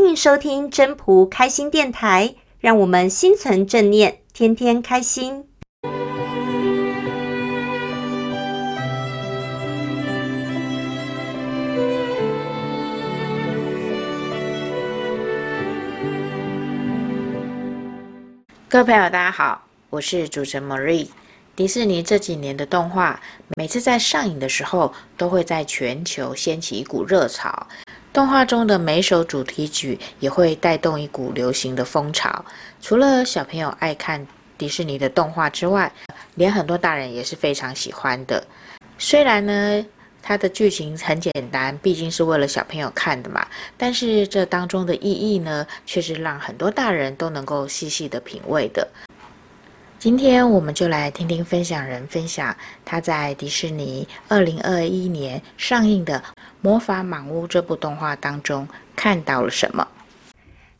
歡迎收聽真樸開心電台，讓我們心存正念，天天開心。各位朋友，大家好，我是主持人 Marie。迪士尼這幾年的動畫，每次在上映的時候，都會在全球掀起一股熱潮。動畫中的每首主題曲也會帶動一股流行的風潮。除了小朋友愛看迪士尼的動畫之外，連很多大人也是非常喜歡的。雖然呢，它的劇情很簡單，畢竟是為了小朋友看的嘛，但是這當中的意義呢，卻是讓很多大人都能夠細細的品味的。今天我們就來聽聽分享人分享他在迪士尼二零二一年上映的《魔法滿屋》這部動畫當中看到了什麼。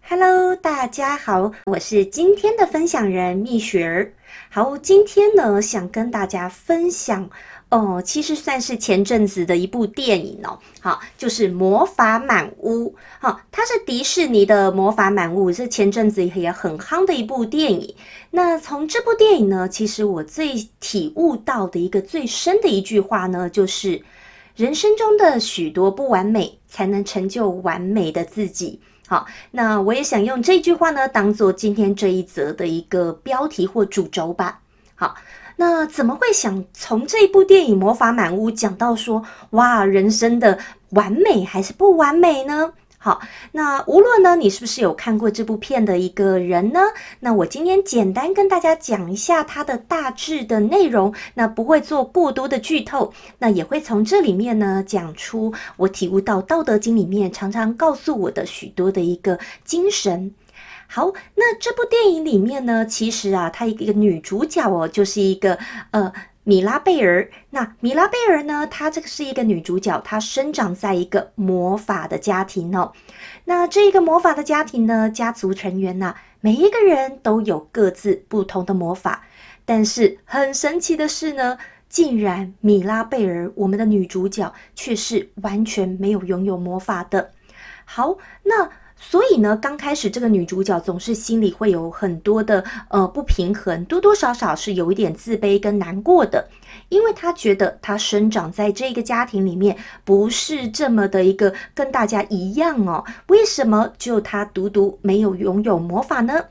Hello，大家好，我是今天的分享人蜜雪兒。好，今天呢，想跟大家分享，哦、呃，其實算是前陣子的一部電影哦。好、啊，就是《魔法滿屋》。好、啊，它是迪士尼的《魔法滿屋》，是前陣子也很夯的一部電影。那從這部電影呢，其實我最體悟到的一個最深的一句話呢，就是人生中的許多不完美，才能成就完美的自己。好，那我也想用這句話呢，當做今天這一則的一個標題或主軸吧。好，那怎麼會想從這部電影《魔法滿屋》講到說，哇，人生的完美還是不完美呢？好，那無論呢，你是不是有看過這部片的一個人呢？那我今天簡單跟大家講一下它的大致的內容，那不會做過多的劇透，那也會從這裡面呢講出我體悟到《道德經》裡面常常告訴我的許多的一個精神。好，那這部電影裡面呢，其實啊，她一個女主角哦，就是一個呃。米拉貝爾，那米拉貝爾呢，她這個是一個女主角，她生長在一個魔法的家庭哦。那這一個魔法的家庭呢，家族成員吶、啊，每一個人都有各自不同的魔法。但是很神奇的是呢，竟然米拉貝爾，我們的女主角卻是完全沒有擁有魔法的。好，那。所以呢，剛開始這個女主角總是心裡會有很多的呃不平衡，多多少少是有一點自卑跟難過的，因為她覺得她生長在這個家庭裡面不是這麼的一個跟大家一樣哦，為什麼就她獨獨沒有擁有魔法呢？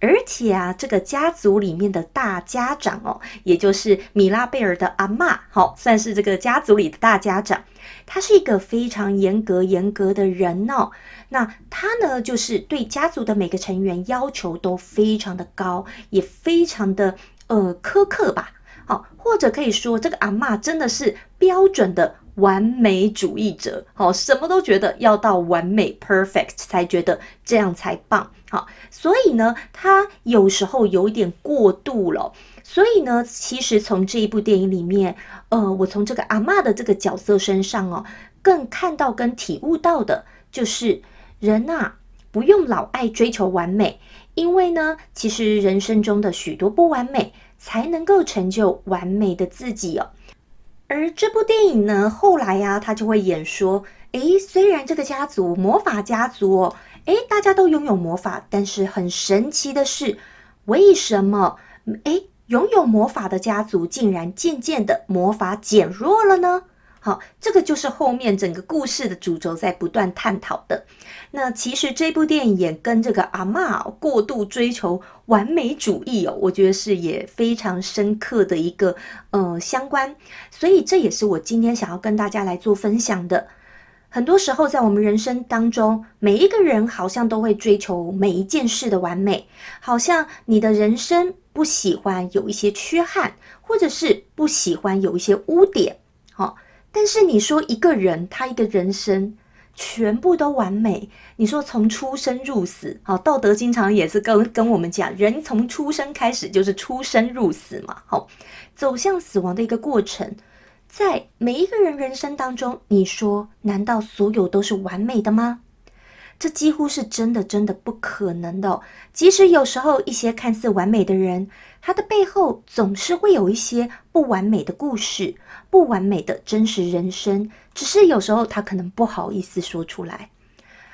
而且啊，這個家族裡面的大家長哦，也就是米拉貝爾的阿嬤，好、哦，算是這個家族裡的大家長。她是一個非常嚴格、嚴格的人哦。那他呢，就是對家族的每個成員要求都非常的高，也非常的呃苛刻吧。好、哦，或者可以說，這個阿嬤真的是標準的完美主義者。好、哦，什麼都覺得要到完美 （perfect） 才覺得這樣才棒。好、哦，所以呢，他有時候有點過度了。所以呢，其實從這一部電影裡面，呃，我從這個阿嬤的這個角色身上哦，更看到跟體悟到的就是，人吶、啊，不用老愛追求完美，因為呢，其實人生中的許多不完美，才能夠成就完美的自己哦。而這部電影呢，後來呀、啊，他就會演說，哎，雖然這個家族魔法家族、哦。誒，大家都擁有魔法，但是很神奇的是，為什麼，誒，擁有魔法的家族竟然漸漸的魔法減弱了呢？好，這個就是後面整個故事的主軸在不斷探討的。那其實這部電影也跟這個阿嬤過度追求完美主義哦，我覺得是也非常深刻的一個呃相關，所以這也是我今天想要跟大家來做分享的。很多時候，在我們人生當中，每一個人好像都會追求每一件事的完美，好像你的人生不喜歡有一些缺憾，或者是不喜歡有一些污點，好、哦。但是你說一個人他一個人生全部都完美，你說從出生入死，好、哦，道德經常也是跟跟我們講，人從出生開始就是出生入死嘛，好、哦，走向死亡的一個過程。在每一個人人生當中，你說難道所有都是完美的嗎？這幾乎是真的，真的不可能的哦。即使有時候一些看似完美的人，他的背後總是會有一些不完美的故事，不完美的真實人生，只是有時候他可能不好意思說出來。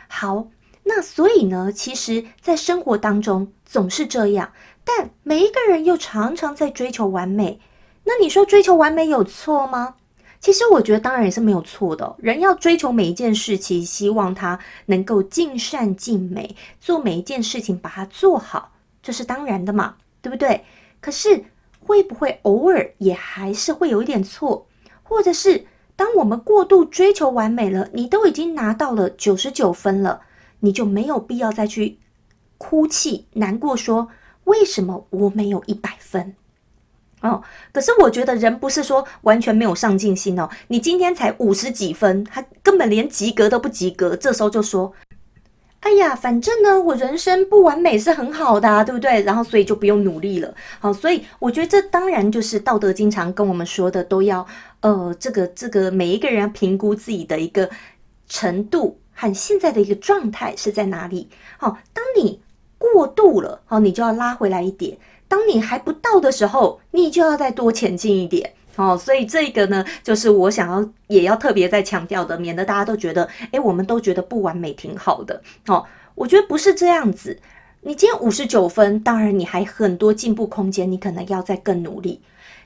好，那所以呢，其實，在生活當中總是這樣，但每一個人又常常在追求完美。那你說追求完美有錯嗎？其實我覺得當然也是沒有錯的哦。人要追求每一件事情，希望他能夠盡善盡美，做每一件事情把它做好，這是當然的嘛，對不對？可是會不會偶爾也還是會有一點錯？或者是當我們過度追求完美了，你都已經拿到了九十九分了，你就沒有必要再去哭泣難過說，說為什麼我沒有一百分？哦，可是我覺得人不是說完全沒有上進心哦。你今天才五十幾分，還根本連及格都不及格，這時候就說：“哎呀，反正呢，我人生不完美是很好的啊，對不對？”然後所以就不用努力了。好，所以我覺得這當然就是《道德經》常跟我們說的，都要呃，這個這個每一個人要評估自己的一個程度和現在的一個狀態是在哪裡。好，當你過度了，好，你就要拉回來一點。當你還不到的時候，你就要再多前進一點哦。所以這個呢，就是我想要也要特別再強調的，免得大家都覺得，誒，我們都覺得不完美挺好的哦。我覺得不是這樣子。你今天五十九分，當然你還很多進步空間，你可能要再更努力。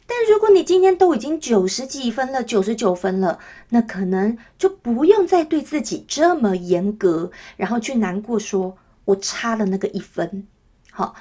但如果你今天都已經九十幾分了，九十九分了，那可能就不用再對自己這麼嚴格，然後去難過說，說我差了那個一分。好，哦，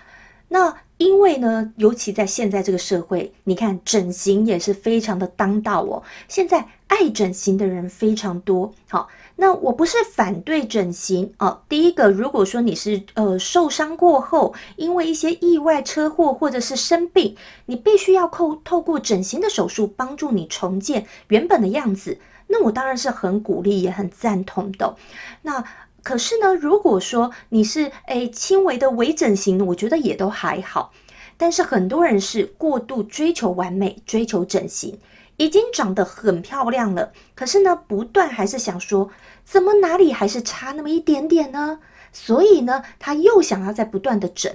那。因為呢，尤其在現在這個社會，你看整形也是非常的當道哦。現在愛整形的人非常多，好，哦，那我不是反對整形哦。第一個，如果說你是呃受傷過後，因為一些意外車禍或者是生病，你必須要透過整形的手術幫助你重建原本的樣子，那我當然是很鼓勵也很贊同的，哦。那。可是呢，如果說你是誒、哎、輕微的微整形，我覺得也都還好。但是很多人是過度追求完美，追求整形，已經長得很漂亮了。可是呢，不斷還是想說，怎麼哪裡還是差那麼一點點呢？所以呢，他又想要再不斷的整。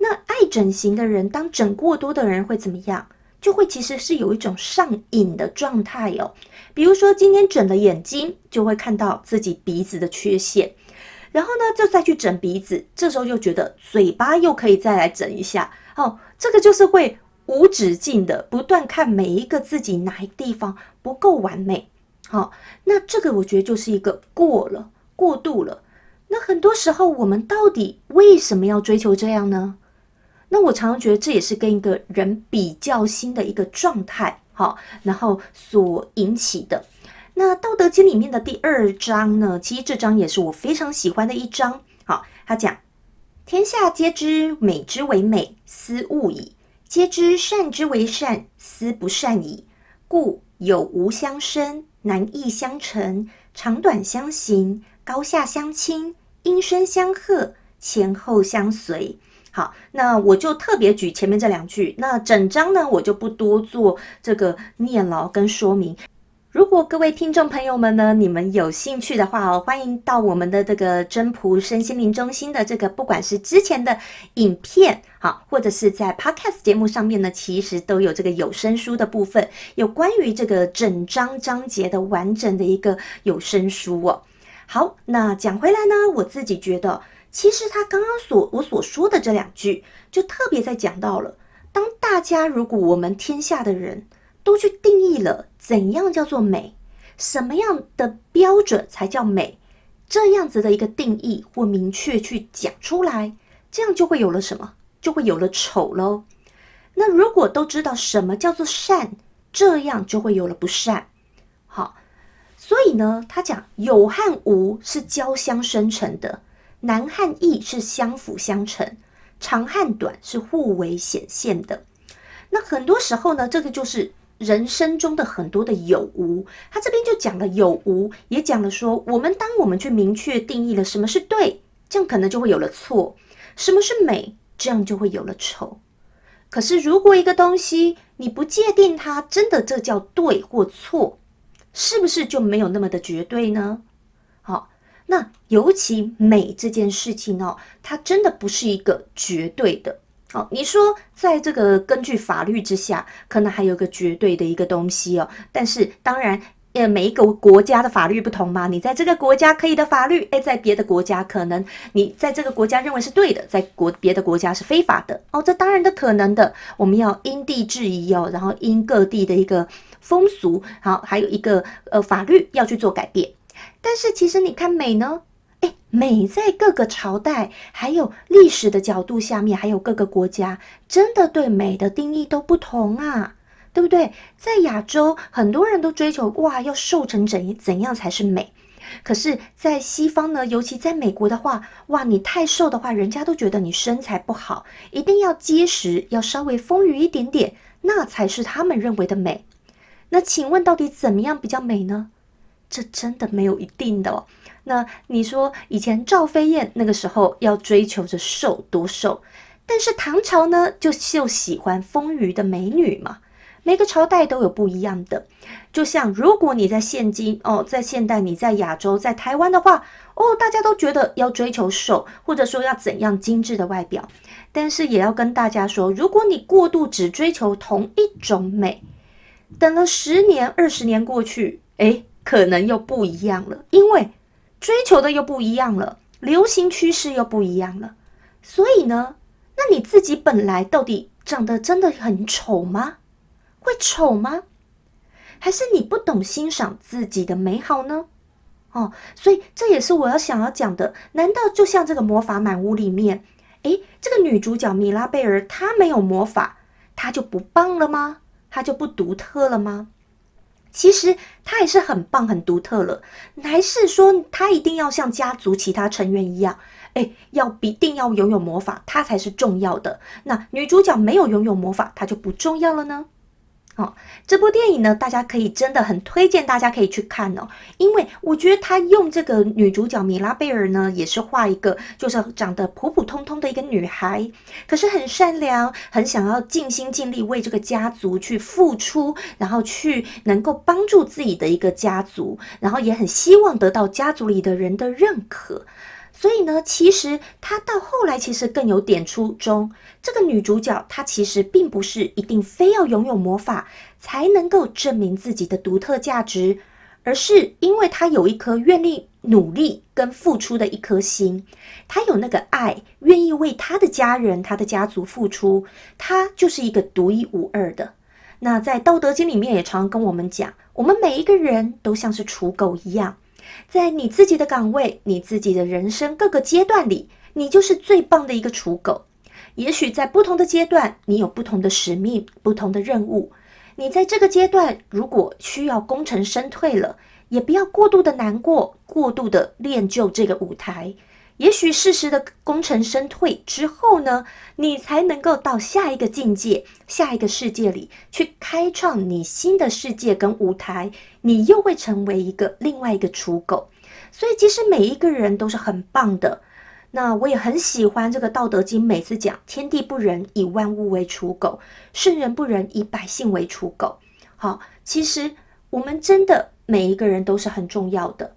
那愛整形的人，當整過多的人會怎麼樣？就會其實是有一種上癮的狀態哦。比如說今天整了眼睛，就會看到自己鼻子的缺陷。然後呢，就再去整鼻子，這時候又覺得嘴巴又可以再來整一下，哦，這個就是會無止境的不斷看每一個自己哪一個地方不夠完美，好、哦，那這個我覺得就是一個過了、過度了。那很多時候我們到底為什麼要追求這樣呢？那我常常覺得這也是跟一個人比較心的一個狀態，好、哦，然後所引起的。那《道德經》裡面的第二章呢，其實這章也是我非常喜歡的一章。好，他講：“天下皆知美之為美，斯惡已；皆知善之為善，斯不善已。故有無相生，難易相成，長短相形，高下相傾，音聲相和，前後相隨。”好，那我就特別舉前面這兩句。那整章呢，我就不多做這個念勞跟說明。如果各位聽眾朋友們呢，你們有興趣的話哦，歡迎到我們的這個真樸身心靈中心的這個，不管是之前的影片哈、啊，或者是在 Podcast 節目上面呢，其實都有這個有聲書的部分，有關於這個整章章節的完整的一個有聲書哦。好，那講回來呢，我自己覺得，其實他剛剛所我所說的這兩句，就特別在講到了，當大家如果我們天下的人，都去定義了怎樣叫做美，什麼樣的標準才叫美，這樣子的一個定義或明確去講出來，這樣就會有了什麼？就會有了醜嘍。那如果都知道什麼叫做善，這樣就會有了不善。好，所以呢，他講有和無是交相生成的，難和易是相輔相成，長和短是互為顯現的。那很多時候呢，這個就是。人生中的很多的有無，他這邊就講了有無，也講了說，我們當我們去明確定義了什麼是對，這樣可能就會有了錯；什麼是美，這樣就會有了醜。可是如果一個東西你不界定它，真的這叫對或錯，是不是就沒有那麼的絕對呢？好，那尤其美這件事情哦，它真的不是一個絕對的。哦，你說在這個根據法律之下，可能還有一個絕對的一個東西哦。但是當然，呃，每一個國家的法律不同嘛。你在這個國家可以的法律，誒，在別的國家可能你在這個國家認為是對的，在國別的國家是非法的哦。這當然的可能的，我們要因地制宜哦，然後因各地的一個風俗，好，還有一個呃法律要去做改變。但是其實你看美呢？哎，美在各個朝代，還有歷史的角度下面，還有各個國家，真的對美的定義都不同啊，對不對？在亞洲，很多人都追求哇，要瘦成怎怎樣才是美？可是，在西方呢，尤其在美國的話，哇，你太瘦的話，人家都覺得你身材不好，一定要結實，要稍微豐腴一點點，那才是他們認為的美。那請問，到底怎麼樣比較美呢？這真的沒有一定的哦。那你說以前趙飛燕那個時候要追求着瘦，多瘦，但是唐朝呢，就就喜歡豐腴的美女嘛。每個朝代都有不一樣的。就像如果你在現今哦，在現代，你在亞洲在台灣的話哦，大家都覺得要追求瘦，或者說要怎樣精致的外表。但是也要跟大家說，如果你過度只追求同一種美，等了十年二十年過去，誒。可能又不一樣了，因為追求的又不一樣了，流行趨勢又不一樣了。所以呢，那你自己本來到底長得真的很醜嗎？會醜嗎？還是你不懂欣賞自己的美好呢？哦，所以這也是我要想要講的。難道就像這個魔法滿屋裡面，誒，這個女主角米拉貝爾她沒有魔法，她就不棒了嗎？她就不獨特了嗎？其實他也是很棒，很獨特了。還是說他一定要像家族其他成員一樣，哎，要一定要擁有魔法，他才是重要的？那女主角沒有擁有魔法，她就不重要了呢？哦，這部電影呢，大家可以真的很推薦，大家可以去看哦，因為我覺得他用這個女主角米拉貝爾呢，也是畫一個就是長得普普通通的一個女孩，可是很善良，很想要盡心盡力為這個家族去付出，然後去能夠幫助自己的一個家族，然後也很希望得到家族裡的人的認可。所以呢，其實她到後來其實更有點出中，這個女主角她其實並不是一定非要擁有魔法才能夠證明自己的獨特價值，而是因為她有一顆願意努力跟付出的一顆心，她有那個愛，願意為她的家人、她的家族付出，她就是一個獨一無二的。那在《道德經》裡面也常常跟我們講，我們每一個人都像是芻狗一樣。在你自己的崗位、你自己的人生各個階段裡，你就是最棒的一個芻狗。也許在不同的階段，你有不同的使命、不同的任務。你在這個階段，如果需要功成身退了，也不要過度的難過，過度的練就這個舞台。也許適時的功成身退之後呢，你才能夠到下一個境界、下一個世界裡去開創你新的世界跟舞台，你又會成為一個另外一個芻狗。所以，其實每一個人都是很棒的。那我也很喜歡這個《道德經》，每次講“天地不仁，以萬物為芻狗；聖人不仁，以百姓為芻狗”。好，其實我們真的每一個人都是很重要的。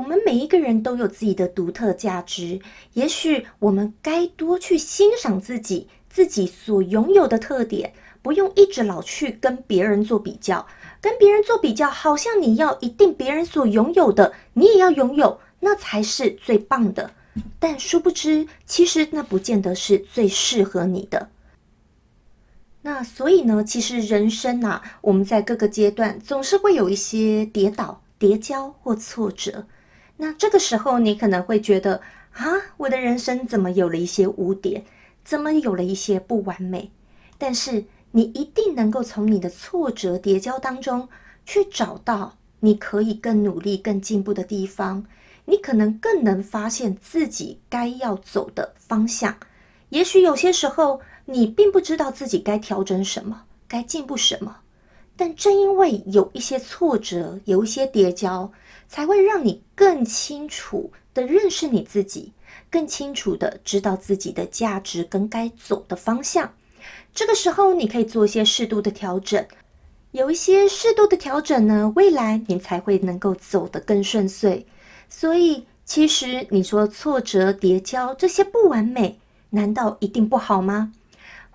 我們每一個人都有自己的獨特價值，也許我們該多去欣賞自己，自己所擁有的特點，不用一直老去跟別人做比較。跟別人做比較，好像你要一定別人所擁有的，你也要擁有，那才是最棒的。但殊不知，其實那不見得是最適合你的。那所以呢，其實人生吶、啊，我們在各個階段總是會有一些跌倒、跌跤或挫折。那這個時候，你可能會覺得啊，我的人生怎麼有了一些污點，怎麼有了一些不完美？但是你一定能夠從你的挫折疊加當中，去找到你可以更努力、更進步的地方。你可能更能發現自己該要走的方向。也許有些時候，你並不知道自己該調整什麼，該進步什麼。但正因為有一些挫折，有一些跌跤，才會讓你更清楚地認識你自己，更清楚地知道自己的價值跟該走的方向。這個時候，你可以做一些適度的調整，有一些適度的調整呢，未來你才會能夠走得更順遂。所以，其實你說挫折、跌跤這些不完美，難道一定不好嗎？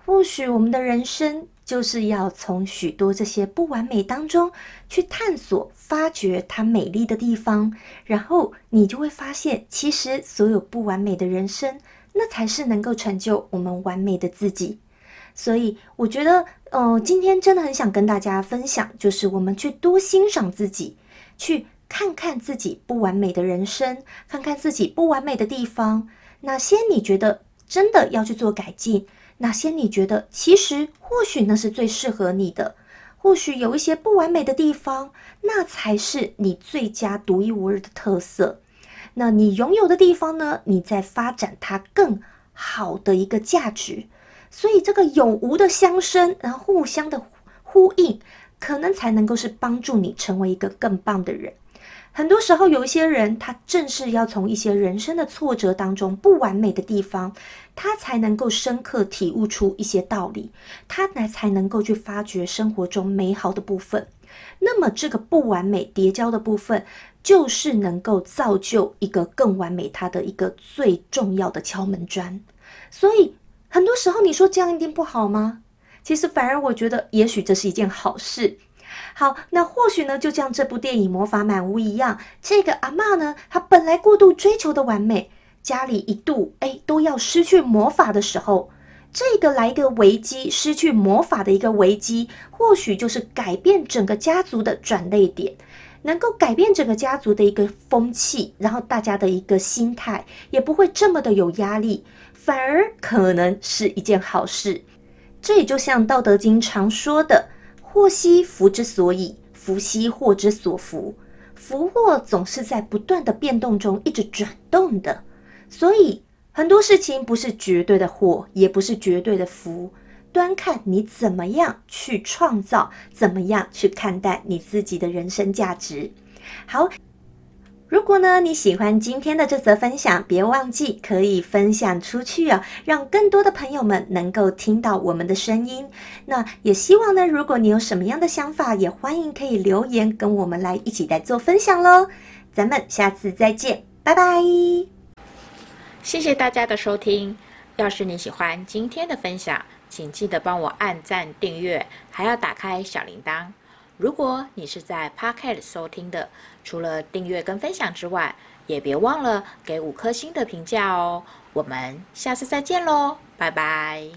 或許我們的人生就是要從許多這些不完美當中去探索、發掘它美麗的地方，然後你就會發現，其實所有不完美的人生，那才是能夠成就我們完美的自己。所以，我覺得，呃，今天真的很想跟大家分享，就是我們去多欣賞自己，去看看自己不完美的人生，看看自己不完美的地方，哪些你覺得真的要去做改進。那些你覺得其實或許那是最適合你的，或許有一些不完美的地方，那才是你最佳獨一無二的特色。那你擁有的地方呢？你在發展它更好的一個價值，所以這個有無的相生，然後互相的呼應，可能才能夠是幫助你成為一個更棒的人。很多時候，有一些人，他正是要從一些人生的挫折當中、不完美的地方，他才能夠深刻體悟出一些道理，他呢才能夠去發掘生活中美好的部分。那麼，這個不完美疊交的部分，就是能夠造就一個更完美他的一個最重要的敲門磚。所以，很多時候你說這樣一定不好嗎？其實，反而我覺得，也許這是一件好事。好，那或許呢，就像這部電影《魔法滿屋》一樣，這個阿嬤呢，她本來過度追求的完美，家裡一度哎都要失去魔法的時候，這個來一個危機，失去魔法的一個危機，或許就是改變整個家族的轉捩點，能夠改變整個家族的一個風氣，然後大家的一個心態也不會這麼的有壓力，反而可能是一件好事。這也就像《道德經》常說的。禍兮福之所倚，福兮禍之所伏，福禍總是在不斷的變動中一直轉動的，所以很多事情不是絕對的禍，也不是絕對的福，端看你怎麼樣去創造，怎麼樣去看待你自己的人生價值。好。如果呢，你喜歡今天的這則分享，別忘記可以分享出去啊、哦，讓更多的朋友們能夠聽到我們的聲音。那也希望呢，如果你有什麼樣的想法，也歡迎可以留言跟我們來一起來做分享嘍。咱們下次再見，拜拜！謝謝大家的收聽。要是你喜歡今天的分享，請記得幫我按讚、訂閱，還要打開小鈴鐺。如果你是在 Podcast 收聽的，除了訂閱跟分享之外，也別忘了給五顆星的評價哦。我們下次再見嘍，拜拜。